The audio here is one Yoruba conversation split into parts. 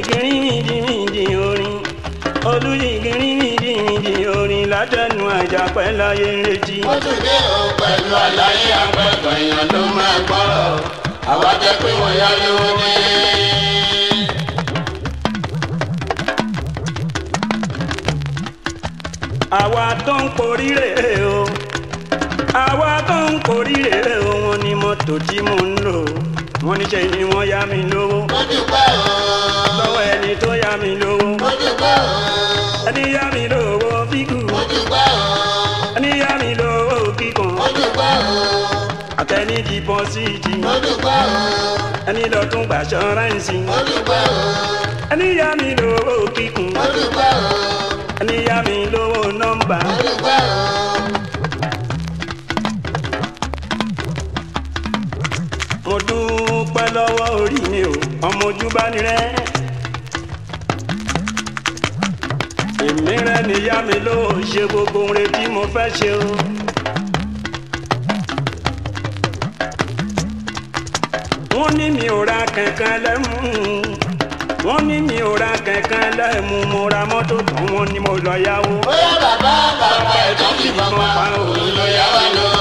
olùyìgìrì rìndìrìndì orin olùyìgìrì rìndìrìndì orin látẹnu àjàpẹ́ láyé retí. ó tún dé o pẹ̀lú àlàyé àpẹẹkọ èèyàn ló máa gbọ́rọ̀ àwa jẹ́ pé wọ́n yá lówó ní. àwa tó ń poríire o àwa tó ń poríire o wọn ni mọ́tò tí mò ń lò wọ́n níṣẹ́ ni wọ́n yá mi lówó. mo dúpẹ́ o. lọ́wọ́ ẹni tó yá mi lówó. mo dúpẹ́ o. ẹni yá mi lówó fígù. mo dúpẹ́ o. ẹni yá mi lówó kíkan. mo dúpẹ́ o. àtẹni dìpọ́sìtì. mo dúpẹ́ o. ẹni lọ tún gba ṣọ́ráǹsì. mo dúpẹ́ o. ẹni yá mi lówó kíkun. mo dúpẹ́ o. ẹni yá mi lówó nọ́mbà. mo dúpẹ́ lọ́wọ́ orí mi o ọmọ ojú bá ní rẹ́. èmi rẹ níyá mi ló ṣe gbogbo ohun retí mo fẹ́ ṣe o. wọ́n ní mi ò ra kankan lẹ́mú wọ́n ní mi ò ra kankan lẹ́mú mo ra mọ́tò tán wọ́n ní mo lọ yáwó. ó yá bàbá bàbá ẹ̀tọ́ ti bàbá òun lọ yá wa lọ.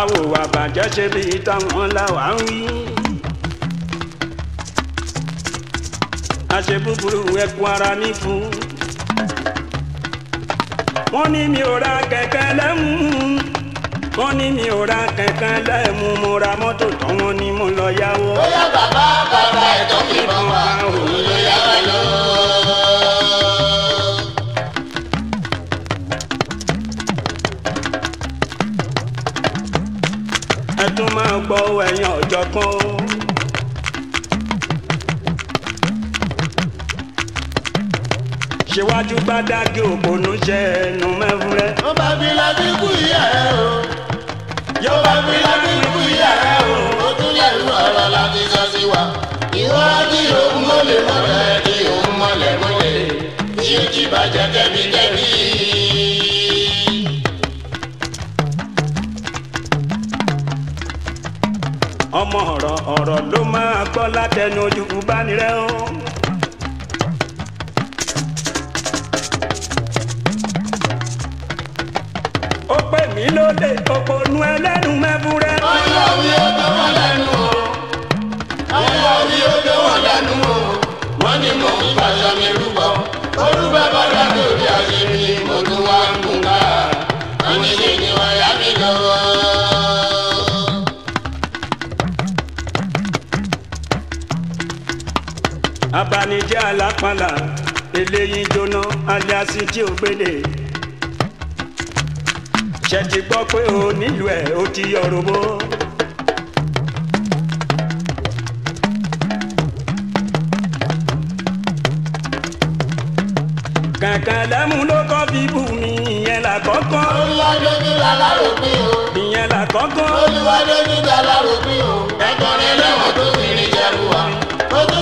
àwòwà bàjẹ́ ṣe bíi táwọn làwà ń wí. àṣẹ búburú ẹkú ara ní fún. wọ́n ní mi ò ra kẹ̀kẹ́ lẹ́mú. wọ́n ní mi ò ra kẹ̀kẹ́ lẹ́mú. mo ra mọ́tò tán wọ́n ní mo lọ yáwó. bóyá bàbá bàbá ẹ̀tọ́ kì í bọ̀ wá òun ló yáwó lọ. gbogbo ẹ̀yin ọ̀jọ̀gbọ́n. ṣèwájú gbádágé òpònú ṣe ẹnu mẹ́fúrẹ́. ó bá fi lábí kú ìyá ẹ o. yóò bá fi lábí kú ìyá ẹ o. ó tún lẹ́rú ọ̀rọ̀ láti sọ sí wa. ìwádìí òun mọ̀lẹ́mọ̀lẹ́ ni òun mọ̀lẹ́mọ̀lẹ́. tí ó jí bàjẹ́ tẹ̀mí tẹ́. ọmọ ọ̀rọ̀ ọ̀rọ̀ ló máa gbọ́ látẹnu ojú bánirẹ́ o. ó pè mí lóde òpònú ẹlẹ́nu mẹ́fúrẹ́. ọyọ mi ò tó wọn lẹ́nu o ọyọ mi ò tó wọn lẹ́nu o wọ́n ní mò ń bàjọ́ mi rúbọ orúbẹ bá dá lórí àṣírí mo tún. abanijẹ́ alápàlà eléyìí jóná aliasi tí ò gbélé ṣe ti gbọ́ o nílùú ẹ̀ o ti yọ̀rọ̀bó. kẹ̀kẹ́ lẹ́mú ló kọ́ fi bù mí ìyẹn la kọ́kọ́. olùwádé ní lálá rò pé o. ìyẹn là kọ́kọ́. olùwádé ní lálá rò pé o. ẹ̀kọ́ rẹ̀ lẹ́wọ̀n tó fi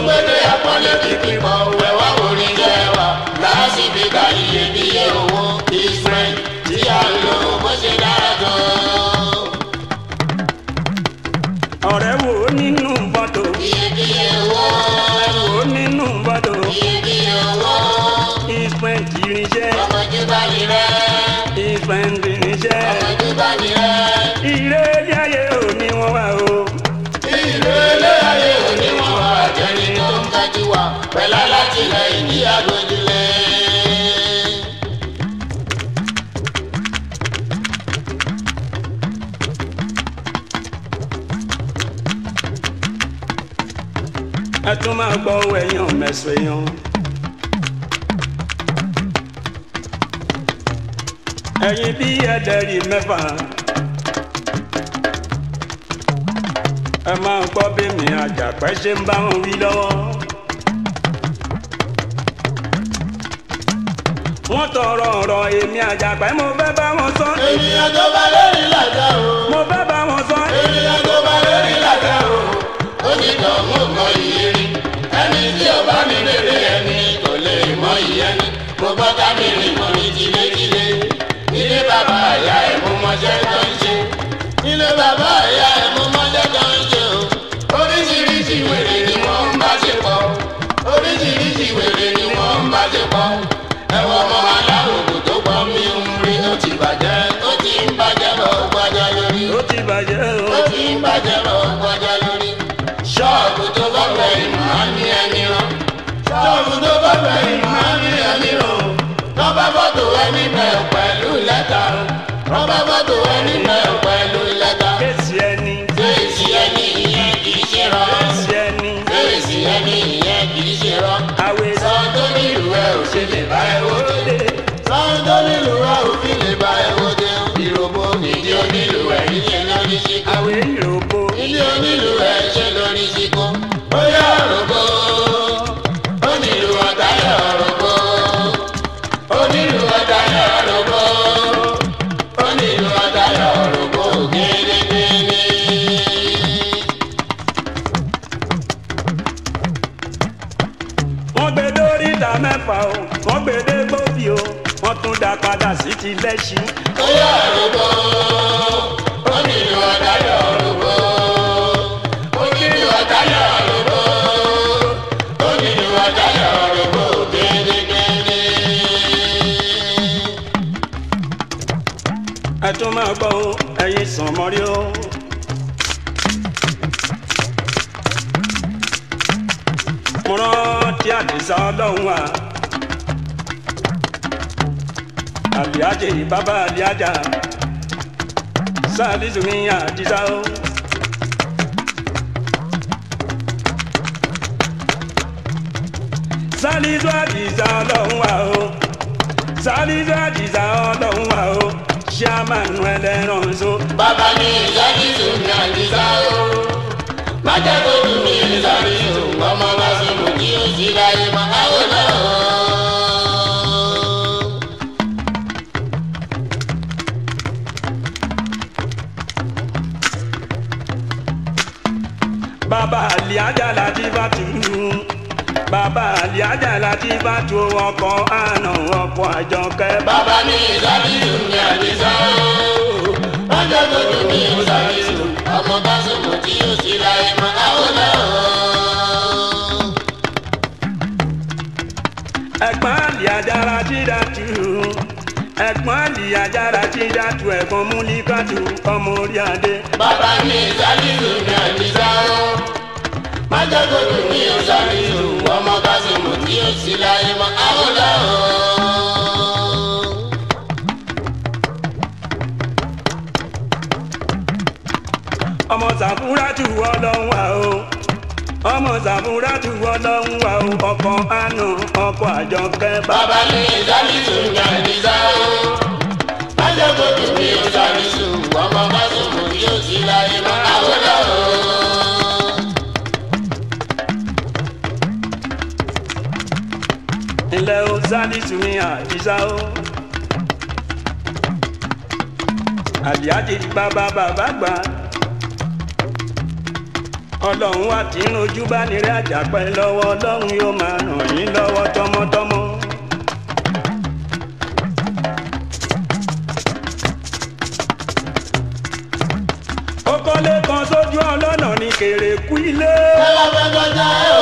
mele apale biklimau tún máa gbọ́ ohun èèyàn mẹ́sàn-án èèyàn. ẹ̀yin bí ẹ̀dẹ̀rì mẹ́fà ẹ máa ń gbọ́ bí mi àjàpẹ́ ṣe ń bá wọn wí lọ́wọ́. wọ́n tọrọ ọ̀rọ̀ èmi àjàpẹ́ mo fẹ́ bá wọn sọ. ènìyàn tó bá lórí làjà o. mo fẹ́ bá wọn sọ. ènìyàn tó bá lórí làjà o onídọ̀mú kan yìí rí ẹni tí ó bá mi rere ẹni kò lè mọ ìyẹni mo bọ́ kámìrì mọ́ ní jiléjilé nílé bàbá àyà ẹ̀ mo mọṣẹ́ tó ń ṣe nílé bàbá àyà I will. àtìlẹ́sìn. ó yà àrùbọ̀ ó nílò ọ̀dàlẹ̀ àrùbọ̀ ó nílò ọ̀dàlẹ̀ àrùbọ̀ ó nílò ọ̀dàlẹ̀ àrùbọ̀ gẹ́gẹ́gẹ́gẹ́. ẹ tún máa gbọ́ ẹyin sàn mọ́rí o. mo rántí àdìsá ọlọ́run wa. Yaje baba aliaja Salisu mi Adisa o. Salisu Adisa ọlọ́run wa o. Salisu Adisa ọlọ́run wa o. Ṣíàmánu ẹlẹ́ran so. Bàbá mi Salisu mi Adisa o. Májàgbọ́dù mi Salisu ọmọ bá sọ̀rọ̀ kí o sì láyé máa. bàbá àlìájà láti bá tù ú bàbá àlìájà láti bá tù ọkọ̀ àná ọkọ̀ àjọkẹ́. bàbá mi ìdájí mi àdìsá ooo ọjọ́ gbogbo mi ò sáré sùn ọmọ bá sọ̀rọ̀ tí yóò sì ra ẹ̀mọ́ àwọn náà. ẹ̀gbọ́n àlìájà láti dá tù ú ẹ̀gbọ́n àlìyájára ti dàtú ẹ̀gbọ́n múlíkàtú ọmọ orí adé. bàbá mi ìsálìlú ni àdìsá o májàgòdì mi ò sáré ìṣòro ọmọ kásìmù tí ó sì láyé mọ́ àwòlá o. ọmọ sàfúrátù ọlọ́run wà o ọmọ sàfúrátù ọlọ́run wà o ọkọ̀ àná ọkọ̀ àjọkẹ́. bàbá mi ìdálítù ń gbà nígbà o májàgòdì mi ò sáré ìṣòro ọmọ kásìmù tí ó sì láyé mọ́ àwòlá. Adisa ni tumi Adisa o. Àlìájì bàbá bàbá gbà. Ọlọ́run wa ti ń rojú bá nírẹ́ àjàpẹ́ lọ́wọ́ Ọlọ́run yóò máa ràn yín lọ́wọ́ tọmọtọmọ. Ó kọ́lé kan sójú ọlọ́nà ní kèrè kú ilé. Kọ́lá fẹ́ kọjá ẹ̀ o.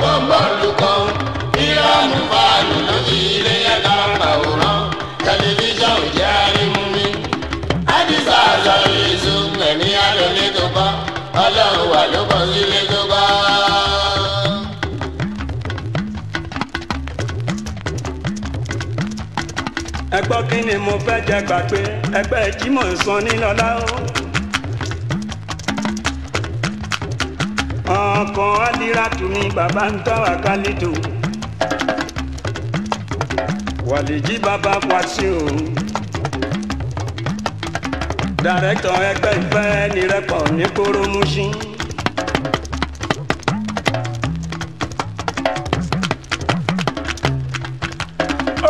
jẹ́ gbàgbé ẹgbẹ́ Jimoh Sanílọ́lá o. ọkàn aliratu ni bàbá ń tọ́wà kálídò wàlíjì bàbá kwasi o. dàrẹ́tọ̀ ẹgbẹ́ ìfẹ́ nírẹ́pọ̀ ní koromusin.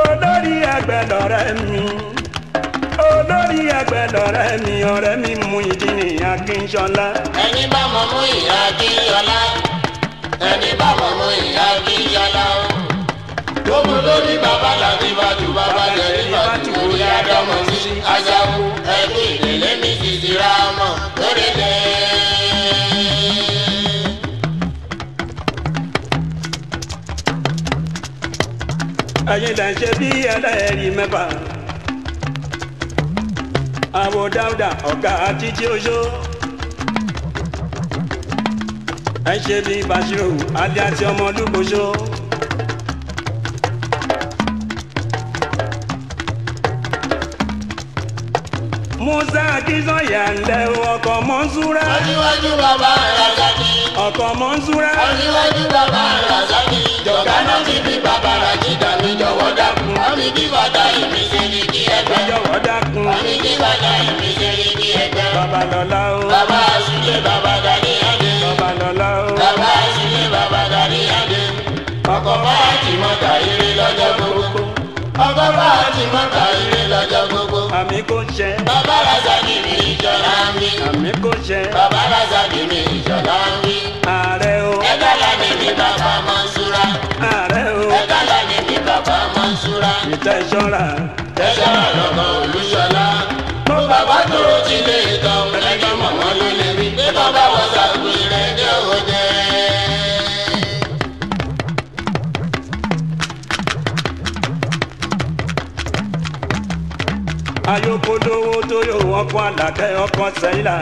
olórí ẹgbẹ́ lọ́rẹ́ mi ẹgbẹ́ lọ́rẹ́ mi ọ̀rẹ́ mi mú ìdí nìyàn kí n ṣọlá. ẹni bá mọ mú ìyá kí n yọlá ẹni bá mọ mú ìyá kí n yọlá gbogbo lórí bàbá làbí bàtú bàbá lẹ́rí bàtú orí àdámọ̀ sí ajáwó ẹbí ìrẹ̀lẹ̀ mi ti di ra mọ̀ lórí lẹ́ẹ̀. ẹ̀yin lẹ́ ń ṣe bí ẹlẹ́rìí mẹ́fà àwo dáúdà ọ̀gá títí oṣó. ẹ ṣe bí Bàṣírù adé àti ọmọ Olúkoṣó. Musa Akínzọ́yà ń lẹ́wọ̀n ọkọ̀ Mọ́nsúrà. wájúwájú bàbá ẹ̀ ajá ọkọ mọ́nsúrà. ọ̀nìwájú bàbá razaki jọ̀gá náà ti bí bàbá rajida mi jọ̀wọ́ dákun. àmì bí bàtà ìmí ṣe ní kí ẹgbẹ́. jọ̀wọ́ dákun. àmì bí bàtà ìmí ṣe ní kí ẹgbẹ́. babalọla o. bàbá àṣìlẹ̀ bàbá gàdí adé. babalọla o. bàbá àṣìlẹ̀ bàbá gàdí adé. ọkọ̀ bá àtìmọ́ta ire lọ́jọ́ gbogbo. ọkọ̀ bá àtìmọ́ta ire lọ́jọ́ àmì kò ṣe. bàbá Razaki mi ìjọba ń wí. àmì kò ṣe. bàbá Razaki mi ìjọba ń wí. ààrẹ o. ẹgbẹ́ la ní ní bàbá Mansura. ààrẹ o. ẹgbẹ́ la ní ní bàbá Mansura. ìtẹ̀sọ́ra. tẹ̀sọ́ra. nítorí òun ọkọ àlàkẹ́ ọkọ sẹ́yìnlá.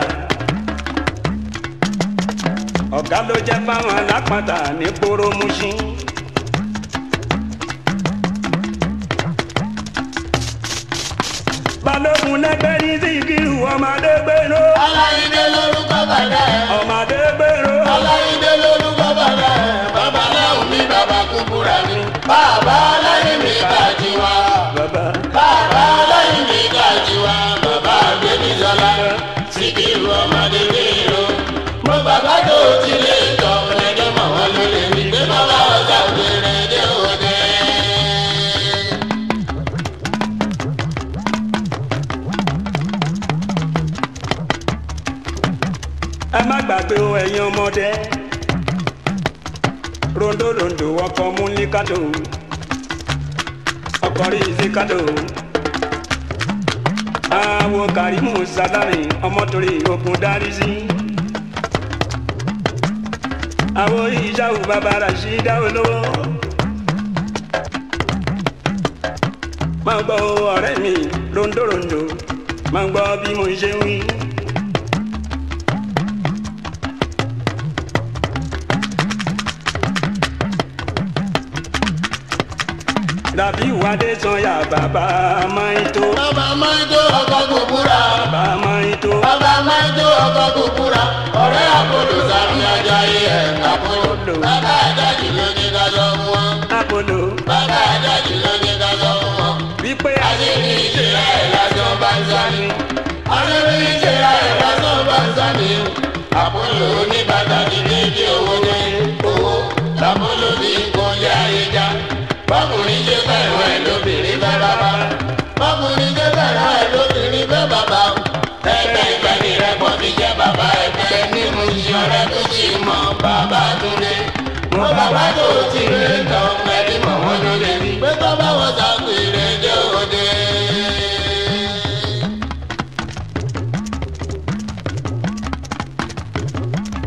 ọ̀gá ló jẹ́ fáwọn alápàtà ní gbòòrò balógun lẹgbẹ́ ní síkírù ọmọdé gbèrò. aláìdé lórúkọ bàbá rẹ̀. ọmọdé gbèrò. aláìdé lórúkọ bàbá rẹ̀. bàbá láwùn mi bàbá kúkúrà mi. bàbá aláìní mi kàjí wa. bàbá aláìní mi kàjí wa. gbàgbé o ẹ̀yin ọmọdé rondórondó ọkọ̀ mú ní kádò ọkọ̀ rí sí kádò àwọn kàrímù sàdárì ọmọdúnrin ogun dárí sí àwọn ìyáwó bàbá ràṣí dáwọ́ lọ́wọ́. máa gbọ́ ọ̀rẹ́ mi rondórondó máa gbọ́ bí mo ṣe ń wí. dàbí ìwádé sanya bàbá maito. bàbá maito ọkọ kò búra. bàbá maito. bàbá maito ọkọ kò búra. ọ̀rẹ́ àpòlò sàmì ajayi ẹ̀ àpòlò. bàbá àjájì ló ní ká lọ mú wọn. àpòlò. bàbá àjájì ló ní ká lọ mú wọn. wípé ayé ní ìṣẹ̀lẹ̀ ẹ̀ lásán bá ń sani. ayé ní ìṣẹ̀lẹ̀ ẹ̀ lásán bá ń sani. àpòlò oníbàdàn ní ní ìdí owó ní owó làpòlò ní kò bọ́kùnrin ṣe fẹ́ràn ẹ̀ lóbìnrin fẹ́ bàbá bọ́kùnrin ṣe fẹ́ràn ẹ̀ lóbìnrin fẹ́ bàbá ẹgbẹ́ ìgbẹ́ni rẹ pọ̀ ti jẹ́ bàbá ẹgbẹ́ nínú iṣẹ́ ọ̀rẹ́ tó ti mọ̀ bàbá Túndé mo bàbá tó ti rẹ̀ tán ẹni mọ̀ wọ́n ló lè rí pé tó bá wọ́n ta fèrè dé òde.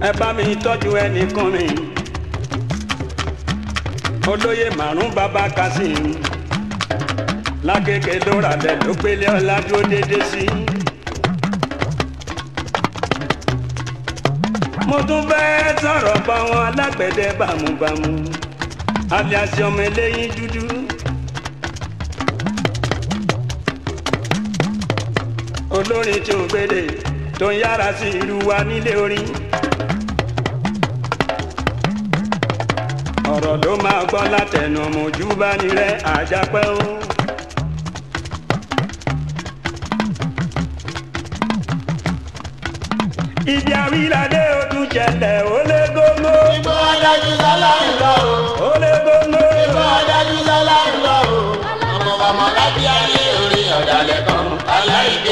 ẹ bá mi tọ́jú ẹnìkan mi olóyè márùn bàbá kasim lákèké ló rà bẹ́ẹ̀ ló pélé ọlá tó dédé sí. mo tún fẹ́ sọ̀rọ̀ bá wọn alágbẹ̀dẹ bámúbámú alias ọmọ eléyìí dúdú. olórin tí ò gbélé tó ń yára sí irú wa nílé orin. ọ̀rọ̀ ló máa gbọ́ látẹnu mojú bá nílẹ̀ àjápẹ́ o. ibi àwílàdé ọdún jẹlẹ ó lé gógó. ìbọn adájú sálá ń lọ o. ó lé gógó. ìbọn adájú sálá ń lọ o. ọmọ bàmọ́ lábí ayé orí ọ̀dàlẹ̀ kan aláìgbé.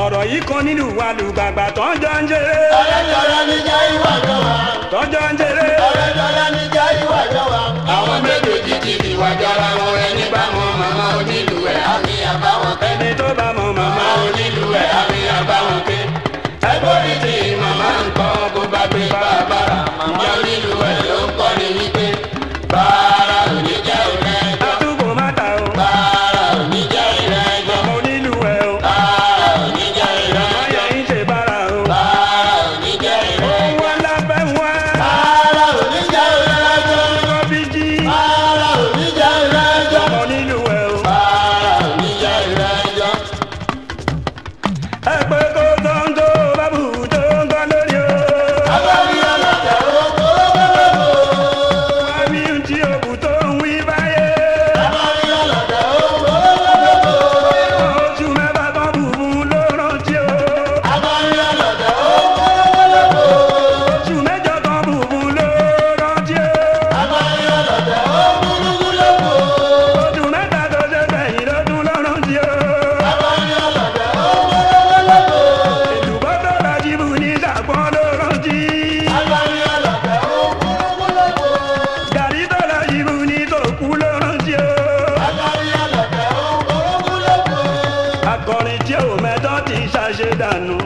ọ̀rọ̀ yìí kan nínú wa lùgbàgbà tọ́jọ́ ń jèrè. ọ̀rẹ́jọ́lá ní jẹ́ ìwà jọba. tọ́jọ́ ń jèrè. ọ̀rẹ́jọ́lá ní jẹ́ ìwà jọba. àwọn méjèèjì ti ìwà jọra wọn ẹni bá wọn. ṣe dànù.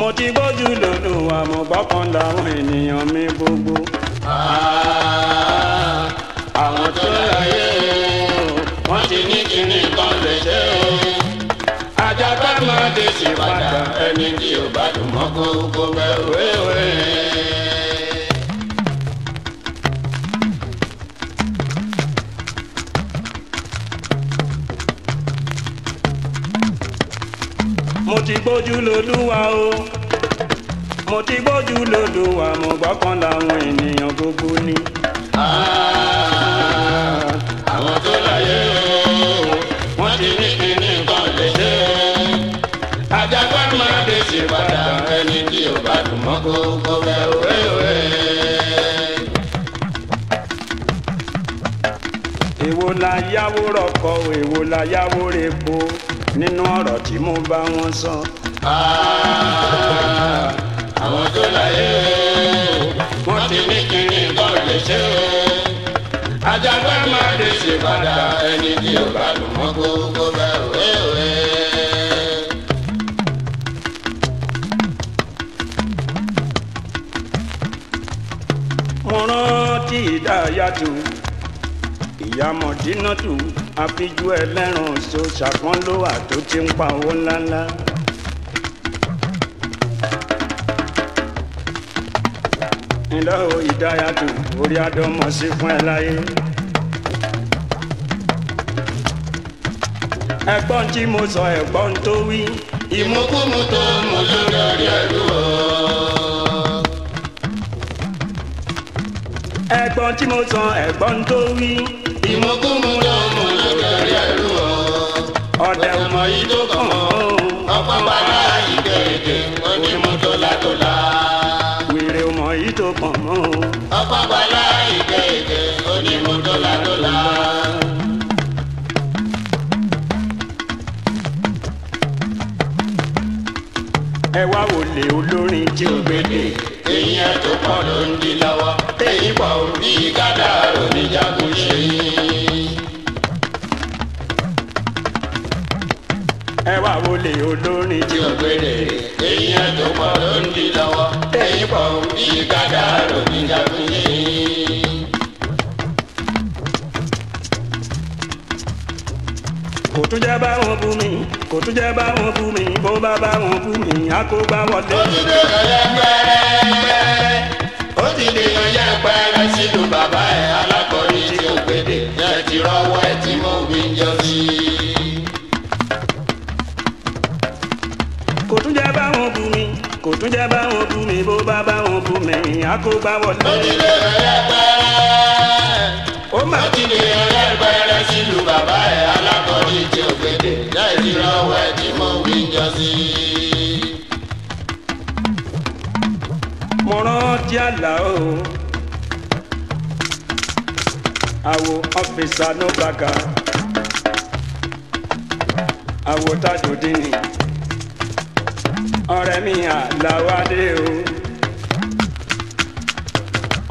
mo ti gbójú lòlù àmọ̀gbọ́kàn làwọn ènìyàn mi gbogbo. àwọn tó láyé o wọ́n ti ní kíní kan lè ṣe o. ajá bá máa dé sí padà ẹni tí ò bá dùn mọ́ kó kó bẹ́ẹ̀ wéwèé. gbójú lódúwa o mo ti gbójú lódúwa mo gbọ́kàn láwọn ènìyàn gbogbo ni. àwọn tó láyé o wọ́n ti ní kíní kan lè ṣe o ajagbọ́n máa dé sí padà ẹni tí ò bá dùn mọ́ kó kó bẹ́ẹ̀ òwe òwe. èwo la yáwó rọkọ èwo la yáwó repo nínú ọ̀rọ̀ tí mo bá wọn sọ. Ah, àwọn tó láyé o wọ́n ti ní kiri kan lè ṣe o ajá bá máa lè ṣe padà ẹni tí ò bá lù mọ́ gbogbo bá òwe òwe. mo rántí ìdá yàtọ̀ yamọ̀dínàtù afíjú ẹlẹ́rùn ṣo ṣàkánlówà tó ti ń pa owó ńláńlá. ńlá o ìdáyàtò orí adọ́mọ̀ sí fún ẹ láyé. ẹ̀gbọ́n tí mo sọ ẹ̀gbọ́n tó wí. ìmọ̀kùmù tó lórí ọ̀rẹ́ ẹ̀rú ọ̀. ẹ̀gbọ́n tí mo sọ ẹ̀gbọ́n tó wí ìmọ̀kùnmù lọ́mọ lọ́gẹ̀rẹ́ ẹ̀rú ọ̀. ọ̀dà ọmọ yìí tó kàn án. ọ̀pọ̀ bàbá ìgẹ̀rẹ̀gẹ̀ wọ́n ní mú tọ́látọ́lá. wèrè ọmọ yìí tó kàn án. ọ̀pọ̀ bàbá ìgẹ̀rẹ̀gẹ̀ wọ́n ní mú tọ́látọ́lá. ẹ wá wòlé olórin tí ó gbélé. èyí ẹ̀ tó pọ̀ ló ń di lọ́wọ́. èyí pọ̀ ò rí olórin tí ó gbére èèyàn tó pọ̀ ló ń di lọ́wọ́ ẹ̀yìn pọ̀ bí gàdá rò ní jagun yìí. kò tún jẹ́ bá wọn bú mi kò tún jẹ́ bá wọn bú mi bó bá bá wọn bú mi á kó gbá wọlé. ó ti dèrò yẹpẹrẹ ó ti dèrò yẹpẹrẹ sínú bàbá ẹ̀ alákọ̀ọ́rí tí ó gbèdè ẹ ti rọwọ́ ẹ ti. kò tún jẹ́ báwọn bú mi bó bá báwọn bú mi àkóbá wọlé. ó ti lè rẹ̀ pẹ́rẹ́. ó mà ti lè rẹ̀ pẹ́rẹ́ sílùú bàbá ẹ̀ alákọ̀ọ́rí tí ò gbèdè láì fi rọwọ́ ẹ̀ tí mo wí jọ sí i. mo rántí àlá o àwò ọ́fíìsì anúbàkà àwò tajòdì ni ọ̀rẹ́ mi àlàwádé o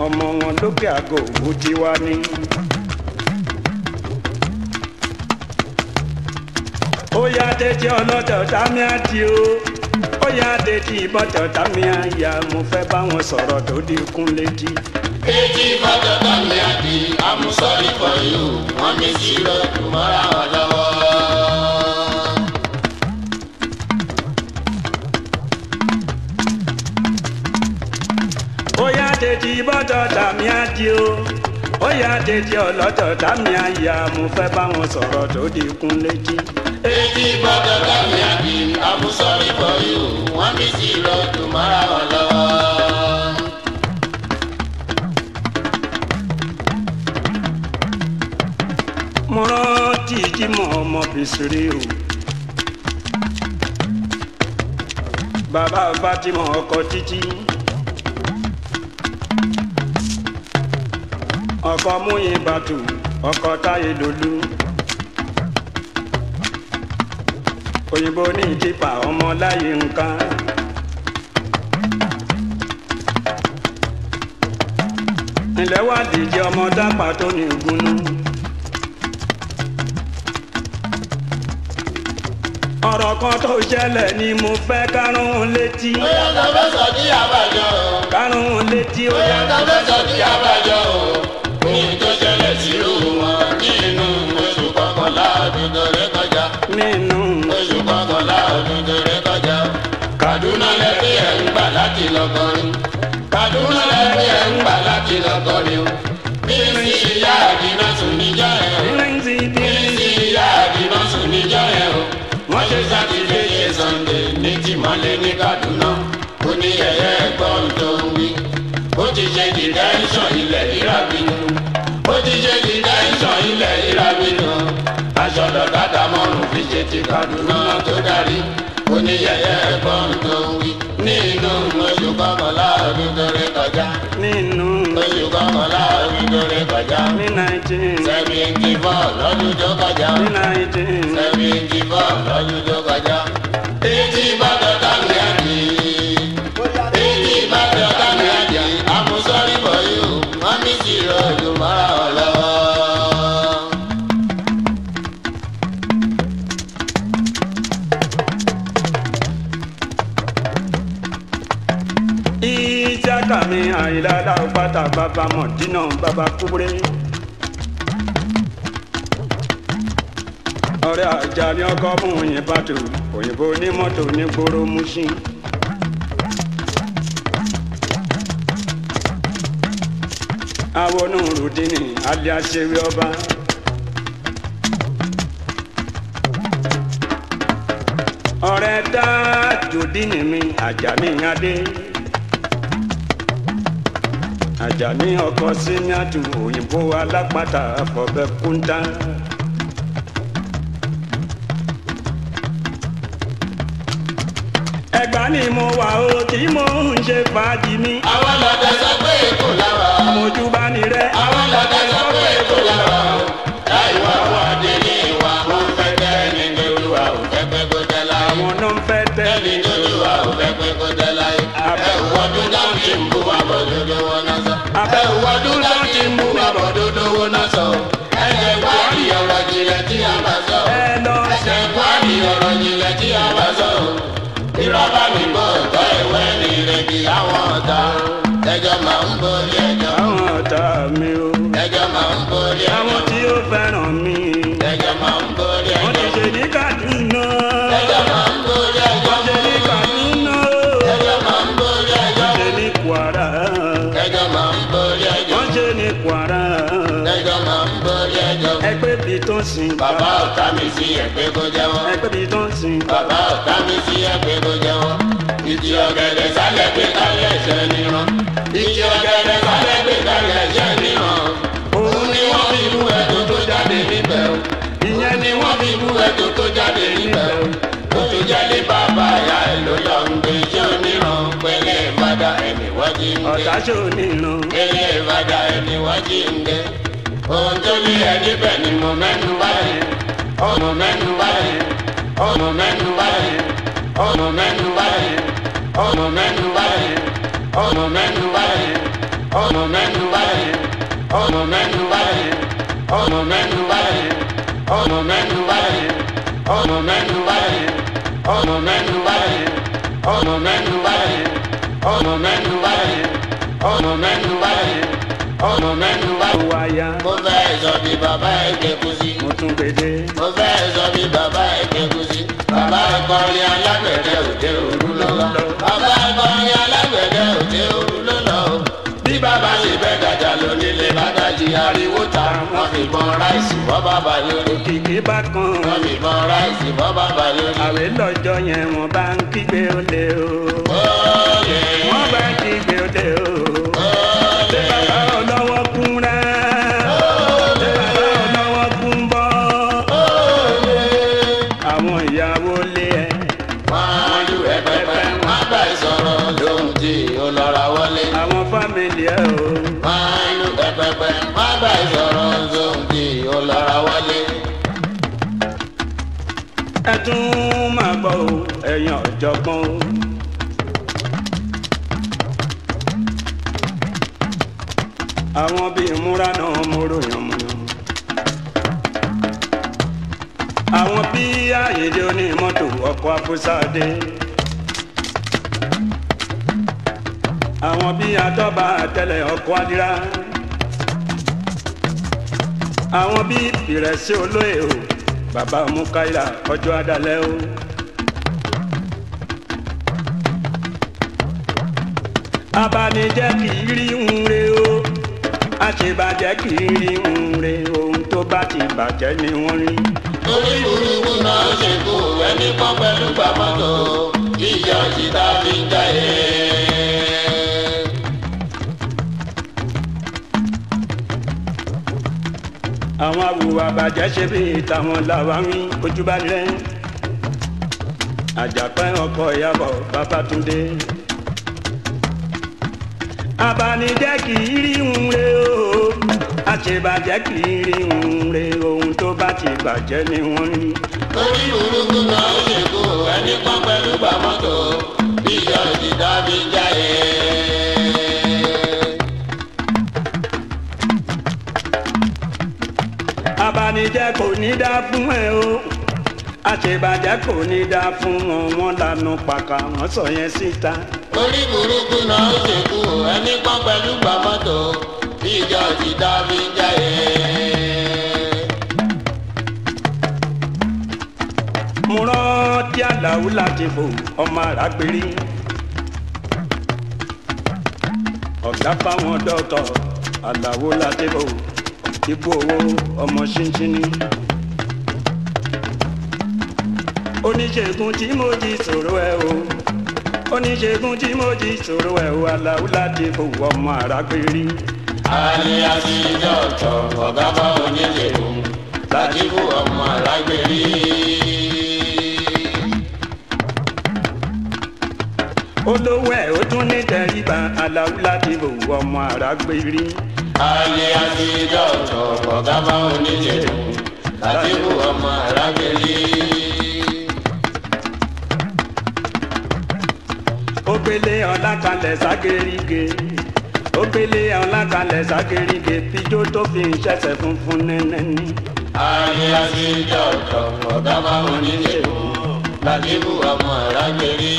ọmọ wọn lókè àgọ òwò tí wá ní. ó yá tètè ọlọ́tọ̀ tàmí àti o ó yá tètè ìbọ̀tọ̀ tàmí àyà mo fẹ́ bá wọn sọ̀rọ̀ tó di kún létí. ètí ìbọ̀tọ̀ tàmí àti àmúsọ̀rí pọ̀ yìí wọ́n ní sí lọ́dún mọ́ra wọn tètè bọ́dọ̀ tàmí àdìo ó yá tètè ọlọ́dọ̀ tàmí àyà mo fẹ́ bá wọn sọ̀rọ̀ tó di kún létí. ètí bọ́dọ̀ tàmí àdì àmúsọ̀rí bọ̀ yìí o wọ́n mi sì lọ dùn wọn lọ́wọ́. mo rántí jímọ̀ ọmọ bìsírí o bàbá bá ti mọ ọkọ títí. ọkọ Múyìíbàtù ọkọ Táyélolú. òyìnbó ní ìtìpà ọmọ láyé nǹkan. ilẹ̀ wá dìje ọmọ dápà tó ní ìgúnnú. ọ̀rọ̀ kan tó ṣẹlẹ̀ ni mo fẹ́ kárùn-ún létí. ó yẹ ká fẹ́ sọ ní àbájọ. kárùn létí ó yẹ ká fẹ́ sọ ní àbájọ ohun tó ṣẹlẹ̀ sí wọn nínú oṣù kọkànlá ọdún Kaduna lẹ́bí ẹ̀ ń Kaduna lẹ́bí ẹ̀ ń gbà láti lọ́kọrin. bí n sì yá àdínà sùn níjà ẹ̀ o. bí n Sunday ní tìmọ́lé ní Kaduna. ó ní yẹ̀yẹ́ ẹ̀gbọ́n tó ń wí ó ti ṣe dìrẹ́ńsọ̀ ilẹ̀ rírà bínú ti ṣe ti tẹ́sán ilẹ̀ ìrabinu aṣọ́dọ̀ dáadáa mọ́rùn fi ṣe ti Kaduna tó darí oníyẹyẹ ẹ̀gbọ́n tó ń wí nínú oṣù kọkànlá kọjá nínú oṣù kọkànlá ọdún tó ré kọjá ní nineteen seventy lọ́dún tó kọjá ní nineteen seventy four lọ́dún tó kọjá. ètí bá bàbá mọ̀dínà Baba kúbre. ọ̀rẹ́ ajá ni ọkọ mú yín pàtó òyìnbó ní mọ́tò ní gbòòrò Mùṣín. awonu rudini aliasewi ọba. ọ̀rẹ́ dáa jòdì ni mi mi ń adé. àjàní ọkọ síníàtù òyìnbó alápàtà àfọ̀bẹ kúńtà. ẹ̀gbá ni mo wà o tí mo ń ṣe fàájì mi. àwọn lọ́dọ̀ sọ pé èkó lára. mojú bá ní rẹ. àwọn lọ́dọ̀ sọ pé èkó lára. láì wá wá dé ní ìwà mo fẹ́ tẹ́ ẹni lóluwà ò fẹ́ pé kó tẹ́ láyé. àwọn náà ń fẹ́ tẹ́ ẹni lóluwà ò fẹ́ pé kó tẹ́ láyé. àbẹ̀wò ọdún náà ń bú wa bọ̀ lójó wọn àbẹ̀wọ̀dún láti mú àbọ̀dódó wo náà sọ. ẹ̀jẹ̀ wárí ọ̀rọ̀ jìnlẹ̀ tí a bá sọ. ẹ̀jẹ̀ wárí ọ̀rọ̀ jìnlẹ̀ tí a bá sọ. ìrọ̀bá mi bọ̀ ọ̀tọ̀ ìwé ni ìrèké àwọn ọ̀tá. ẹjọ́ máa ń borí ẹjọ́. àwọn ọ̀tá mi o. mi sí ẹgbẹ́ kó jẹ́wọ́. ẹgbẹ́ mi tó ń sìn. bàbá ọ̀tá mi sí ẹgbẹ́ kó jẹ́wọ́. ìjì ọ̀gẹ̀dẹ̀ sálẹ̀ gbé kalẹ̀ ẹ̀ṣẹ̀ níran. ìjì ọ̀gẹ̀dẹ̀ sálẹ̀ gbé kalẹ̀ ẹ̀ṣẹ̀ níran. òun ni wọ́n fi mú ẹ̀tọ́ tó jáde níbẹ̀ o. ìyẹn ni wọ́n fi mú ẹ̀tọ́ tó jáde níbẹ̀ o. ó tó jáde bàbá ìyá ẹ̀ ló lọ ń gbé iṣẹ́ oníran pẹ̀lẹ́ ìbàdà ẹ̀mí wájú ń gbé. ọ̀tàṣe oníran. pẹ̀lẹ́ ìbàdà ẹ̀mí wájú ń gbé. ohun tó lé ẹ níbẹ̀ ni mo mẹ́nu báyìí ọmọ mẹ́nu wáyé ọmọ mẹ́nu wáyé ọmọ mẹ́nu wáyé ọmọ mẹ́nu wáyé ọmọ mẹ́nu wáyé ọmọ mẹ́nu wáyé ọmọ mẹ́nu wáyé ọmọ mẹ́nu wáyé ọmọ mẹ́nu wáyé ọmọ mẹ́nu wáyé ọmọ mẹ́nu wáyé ọmọ mẹ́nu wáyé ọmọ mẹ́nu wáyé ọmọ mẹ́nu wáyé ọmọ mẹ́nu wáyé. mo bá ẹ̀ sọ bí bàbá ẹ̀ jẹ́ kó sí tún gbèdé. mo fẹ́ sọ bí bàbá ìgbẹ́gùsì bàbá ìkọrin alágbẹ̀dẹ òde òru ló lọ. bàbá ìkọrin alágbẹ̀dẹ òde òru ló lọ. bí bàbá ṣe bẹ́ dàjà lónílé bá dàjì ariwo ta wọ́n fi bọ́ ráìsì bọ́ bàbá lórí. òkìkí bá kan. wọ́n fi bọ́ ráìsì bọ́ bàbá lórí. àwẹ̀ lọ́jọ́ yẹn wọ́n bá ń kígbe olè o. wọ́n bá ń kígbe olè o. tún máa gbọ́ o ẹ̀yin ọ̀jọ̀gbọ́n o. àwọn bíi múra náà mo ròyìn mu. àwọn bí àyèdè onímọ́tò ọkọ̀ afúsáde. àwọn bí atọ́ba àtẹlẹ̀ ọkọ̀ adira. àwọn bí ìrẹsì olóyè o bàbá Mukaila ọjọ́ adalẹ́ o. abanijẹ́ kì í rí ń re o àṣebàjẹ́ kì í rí ń re ohun tó bá ti bàjẹ́ ni wọ́n rí. torí burúkú náà ṣe kú ẹni kan pẹ̀lú gbàmọ́tò ìyá òṣìṣẹ́ mi ń jáde. àwọn awùwà bàjẹ́ ṣe bí tàwọn làwa ń ojúbalẹ̀ àjàpẹ́ ọkọ̀ ìyàbọ̀ Babátúndé abanijẹ́ kì í rí ń re o àṣebàjẹ́ kì í rí ń re ohun tó bá ti bàjẹ́ ni wọ́n ní. torí burúkú náà ó lè kó ẹni pọ́n pẹ̀lú gbàmọ́tò bí ìjọ ìdídá jáde. abanijẹ́ kò ní dá fún ẹ o àṣebàjẹ́ kò ní dá fún wọn wọn lanu pàkà wọn sọ yẹn síta. orí burúkú náà ó ṣèkú ẹni kan pẹ̀lú gbàmọ́tò bí ìjà ti dá mi jáde. mo rántí àlàó láti fò ọmọ àràgbèrè ọ̀gá fáwọn dọ́tọ̀ àlàó láti fò ipò owó ọmọ ṣinṣini. oníṣègùn tí mo jí sọ̀rọ̀ ẹ o oníṣègùn tí mo jí sọ̀rọ̀ ẹ o aláwo láti fowó ọmọ àràgbérí. aliasi dọ́tọ̀ ọ̀gá bá oníṣègùn láti fowó ọmọ àràgbérí. olówó ẹ̀ ó tún ní tẹríba aláwo láti fowó ọmọ àràgbérí alẹ́ àfidà ọ̀tọ̀ ọ̀gábá oníjẹ̀dù kàdébù ọmọ arábẹ́lì. òpèlè ọ̀làkalẹ̀ ságéríge òpèlè ọ̀làkalẹ̀ ságéríge fíjó tó fi ń ṣẹ̀ṣẹ̀ funfun nẹ́nẹ́ni. alẹ́ àfidà ọ̀tọ̀ ọ̀gábá oníjẹ̀dù kàdébù ọmọ arábẹ́lì.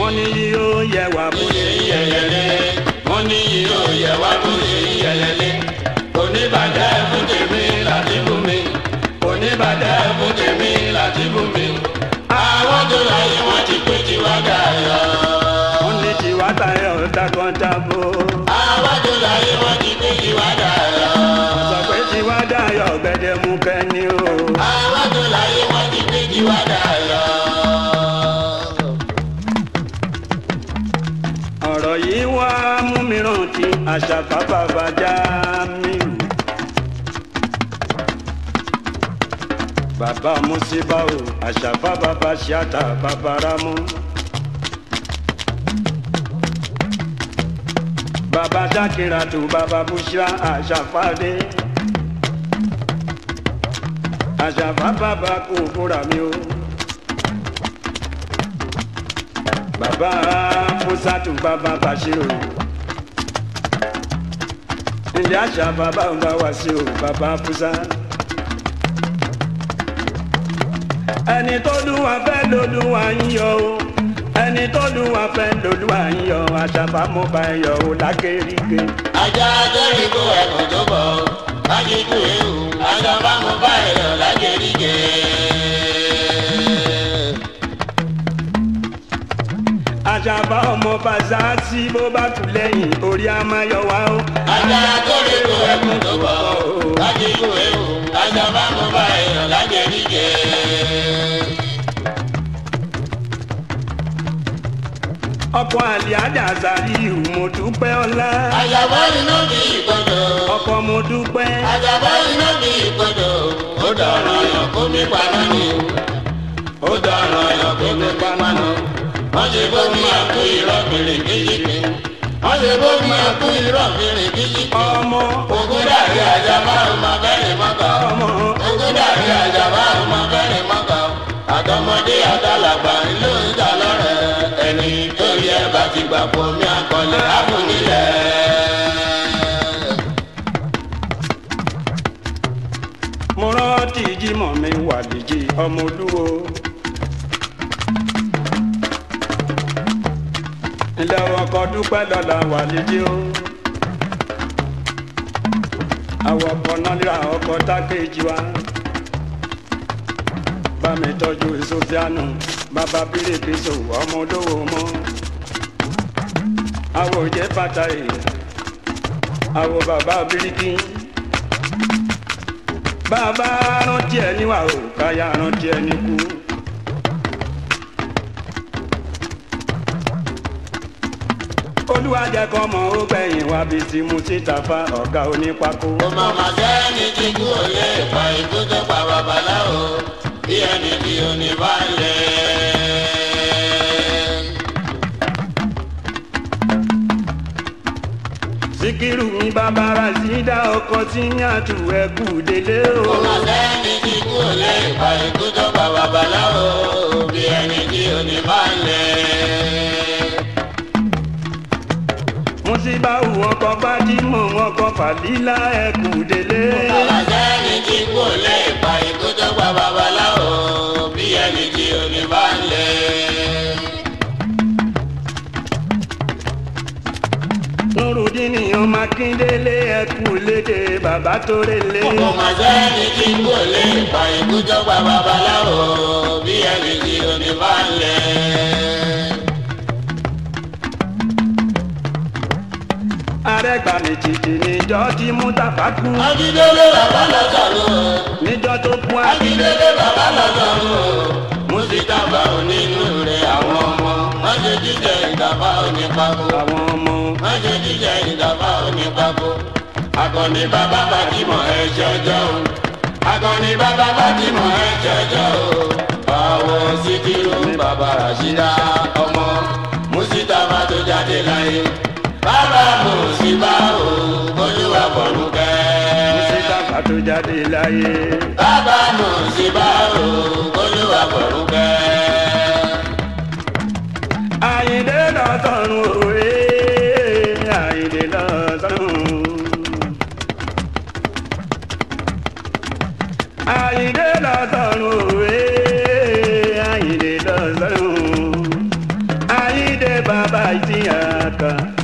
wọ́n ní yóò yẹ wà bó ṣe yẹ yẹ oníyì ò yẹ wá lóye ìyẹlẹlé oníbàdàn ẹ̀fún mi oníbàdàn ẹ̀fún tèmi láti bú mi àwọn tó láyé wọn ti pé tiwa gàyọ. wọ́n ní tiwa tayọ̀ takọ̀ntàbò. àwọn tó láyé wọn ti pé tiwa gàyọ. àṣàfà bàbá Jamiu. bàbá musiba o àṣàfà bàbá ṣíàtà bàbá ramú. bàbá dákìràtù bàbá bushra àṣàfàdé. àṣàfà bàbá kò fúra mi o. bàbá fúsàtù bàbá bashiru ilẹ̀ àṣà bàbá ń bá wá sí o bàbá fúsá. ẹni tó dùn wá fẹ́ lòdùn wá ń yọ o ẹni tó dùn wá fẹ́ lòdùn wá ń yọ àṣàbà mo bá ń yọ o lákéríké. ajá jẹ́rìíkó ẹ̀kọ́ tó bọ̀ májíkú ewu àṣàbà mo bá ń yọ Ajaba ọmọ bàṣà tí bó bá kù lẹ́yìn orí a máa yọ o. àṣàbà tó lè lo ẹkùn tó bọ̀ ọ́ láti kú ewu àṣàbà mo bá èèyàn lájẹ níjẹ. ọkọ àlìájà sàrí ìhù mo dúpẹ́ ọlá. àṣàbà iná mi ìgbọ́dọ̀. ọkọ mo dúpẹ́. àṣàbà iná mi ìgbọ́dọ̀. ó dọ̀rọ̀ yàn kó mi pa náà ni ó dọ̀rọ̀ yàn kó mi pa náà ọ̀sẹ̀ bó máa kú irọ́ bìrìkìjìkì ọ̀sẹ̀ bó máa kú irọ́ bìrìkìjìkì ọmọ ogun dàrí àjà márùn máa bẹ̀rẹ̀ mọ́kà ọmọ ogun dàrí àjà márùn máa bẹ̀rẹ̀ mọ́kà àtọmọdé àtàlàgbà ló ń dà lọ́rẹ̀ ẹni tó yẹ bá ti gbà bomi akọlẹ̀ àbúnilẹ̀. mo rántí jímọ̀ mi wà lìjì ọmọ olúwo. ilé ọkọ̀ dúpẹ́ lọ́la wà nídìí o. àwọn ọkọ̀ náà ríra ọkọ̀ tákéjì wa. bá mi tọ́jú sofiánù bàbá pírèpìsò ọmọ olówó mọ́. àwọn òjẹ́ pàtàkì àwọn bàbá bíríkì. bàbá rántí ẹni wà ó káyà rántí ẹni kú. kólúwa jẹ́ kọ́ mọ̀ ó gbẹ̀yìn wá bíi ti mu síta fa ọ̀gá onípákó. ó máa ma jẹ́ ní jíjú òye ìpa ikú tó pa babaláwo bí ẹni bí oníbàálẹ̀. síkírù mi bàbá razida ọkọ tí ń yàtú ẹkú délé o. ó máa lẹ́ni tí kú ò lè pa ikú tó bá babaláwo bí ẹni tí ò bá lẹ̀ tí bá wù ọkọ fájímọ̀ ọkọ fàlílà ẹ kù délé. ọ̀làjà ni kí n kò lè pa ikú tó pa babaláwo bí ẹni tí omi bá ń lẹ. nurudin ọmọ akíndélé ẹ kú léde bàbá tó rélé. ọmọ ọmọ sẹ́ni kí n kò lè pa ikú tó pa babaláwo bí ẹni tí. arẹ́gbà ní títì níjọ́ tí mútàfà kú. akíndélé bàbá lọ́jà ló. níjọ́ tó kú akíndélé bàbá lọ́jà ló. mùsítàfà ò nínú rẹ̀ àwọn ọmọ. má ṣe jíjẹ ìdàbà òní pako. àwọn ọmọ. má ṣe jíjẹ ìdàbà òní pako. akọni bàbá bàkímọ̀ ẹ̀ jọjọ́ o. akọni bàbá bàkímọ̀ ẹ̀ jọjọ́ o. àwọn síkírù bàbá ràṣídà ọmọ. mùsítàfà tó jáde láyé bàbá mo sì bá o bójúwà pọ̀nù kẹ́. mo sì bá bàtò jáde láyé. bàbá mo sì bá o bójúwà pọ̀nù kẹ́. àyìndé lọ sọ̀rùn òwe àyìndé lọ sọ̀rùn. àyìndé lọ sọ̀rùn òwe àyìndé lọ sọ̀rùn. àyìndé